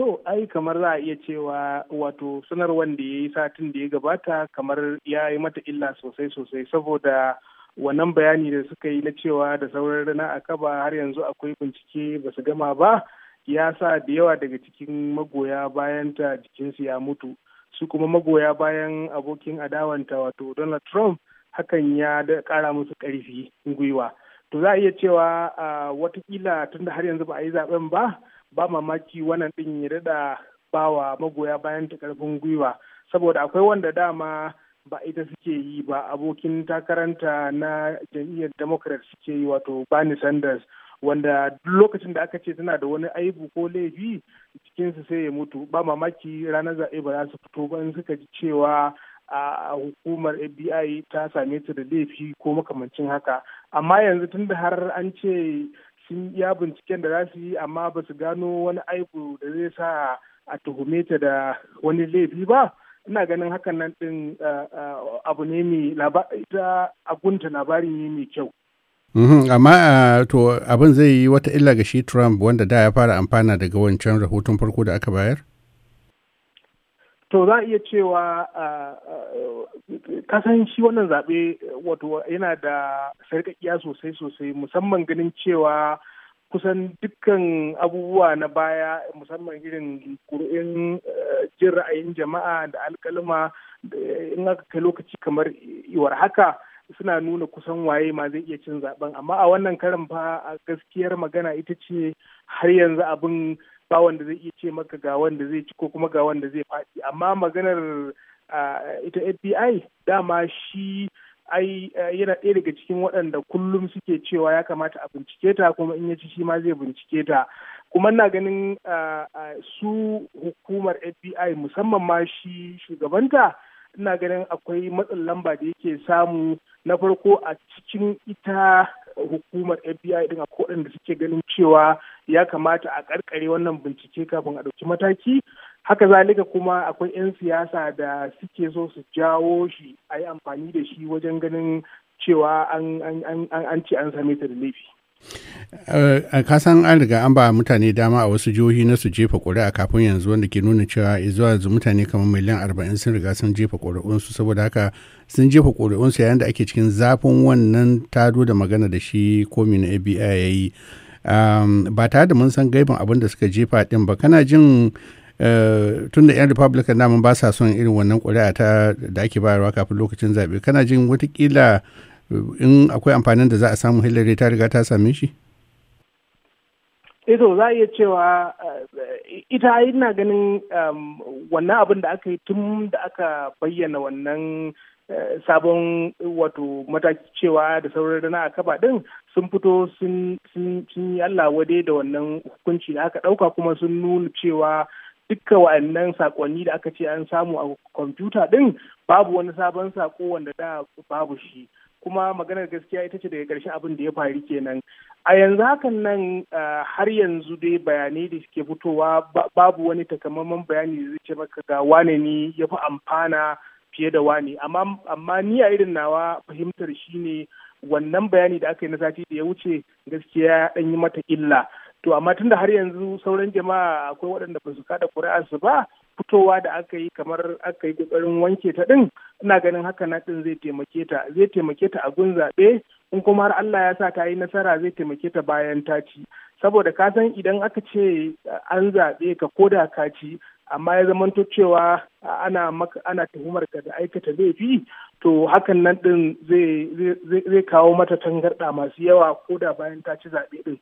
To, ai kamar za a iya cewa wato sanarwar da ya yi satin da ya gabata kamar ya yi mata illa sosai sosai saboda wannan bayani da suka yi na cewa da sauran rana a kaba har yanzu akwai bincike ba su gama ba ya sa da yawa daga cikin magoya bayanta jikinsu ya mutu su kuma magoya bayan abokin adawanta wato Donald Trump hakan ya kara musu ƙarfi gwiwa. To za a iya cewa ah, watakila tunda har yanzu ba a yi zaben ba. ba mamaki wannan din ya daɗa ba wa magoya bayan ta karfin gwiwa saboda akwai wanda dama ba ita suke yi ba abokin takaranta na jam'iyyar democrat suke yi wato bani sanders wanda duk lokacin da aka ce tana da wani aibu ko laifi cikinsu sai ya mutu ba mamaki ranar zaɓe ba za su fito ba in suka ji cewa a hukumar fbi ta same ta da laifi ko makamancin haka amma yanzu tun da har an ce sun iya binciken da za su yi amma ba su gano wani aibu da zai sa a tuhume ta da wani laifi ba ina ganin hakan nan din abu ne mai ta agunta labari ne mai kyau mhm, amma to abin zai yi wata illa ga shi trump wanda da ya fara amfana daga wancan rahoton farko da aka bayar to za a iya cewa kasan shi wannan zaɓe wato yana da sarƙaƙiya sosai sosai musamman ganin cewa kusan dukkan abubuwa na baya musamman irin kuru'in eh, jin ra'ayin jama'a da alkalima in aka kai lokaci kamar iwar haka suna nuna kusan waye ma zai iya cin zaben amma a wannan karin fa a gaskiyar magana ita ce har yanzu abin ba wanda zai iya ce maka ga wanda zai ci ko kuma ga wanda zai faɗi amma maganar ah, ita fbi dama shi ai eh, yana ɗaya daga cikin waɗanda kullum suke cewa ya kamata a bincike ta kuma in ya ci shi ma zai bincike ta kuma na ganin eh, eh, su hukumar fbi musamman ma shi shugabanta ina ganin akwai matsin lamba da yake samu na farko a cikin ita hukumar fbi din akwai waɗanda suke ganin cewa ya kamata a karkare wannan bincike kafin a ɗauki mataki haka zalika kuma akwai 'yan siyasa da suke so su jawo shi a yi amfani da shi wajen ganin cewa an ce an same ta da laifi. Eh, eh, ka san an riga an ba mutane dama a wasu jihohi na su jefa ƙuri'a kafin yanzu wanda ke nuna cewa zuwa yanzu mutane kamar miliyan arba'in sun riga sun jefa ƙuri'unsu saboda haka sun jefa ƙuri'unsu yayin da ake cikin zafin wannan tado da magana da shi komi na abi ya yi ba tare da mun san gaibin abin da suka jefa din ba kana jin Eh, tun da 'yan republican namun ba sa son irin wannan ƙuri'a ta da ake bayarwa kafin lokacin zaɓe kana jin watakila eh, in akwai amfanin da za a samu hillary ta riga ta same shi ito eh, za a iya cewa ita ina ganin um, wannan abin da aka yi tun da aka bayyana wannan sabon wato mataki cewa da sauran rana a kaba din sun fito sun yi Allah da wannan hukunci da aka ɗauka kuma sun nuna cewa dukka wa'annan sakonni da aka ce an samu a kwamfuta din babu wani sabon sako wanda da babu shi kuma maganar gaskiya ita ce daga ƙarshe abin da ya faru kenan a yanzu hakan nan har yanzu dai bayanai da suke fitowa babu wani takamaiman bayani da zai ce maka ga wane ne ya fi amfana fiye da wane amma ni a irin nawa fahimtar shine wannan bayani da aka yi na sati da ya wuce gaskiya ɗan yi mata illa to amma tunda har yanzu sauran jama'a akwai waɗanda ba su kada su ba fitowa da aka yi kamar aka yi ƙoƙarin wanke ta ɗin ina ganin haka na ɗin zai taimake ta zai taimake ta a gun zaɓe in kuma har Allah ya sa ta yi nasara zai taimake ta bayan ta ci saboda ka san idan aka ce an zaɓe ka ko da ka ci amma ya zamanto cewa ana ana tuhumar ka da aikata laifi to hakan nan ɗin zai kawo mata tangarɗa masu yawa ko da bayan ta ci zaɓe ɗin.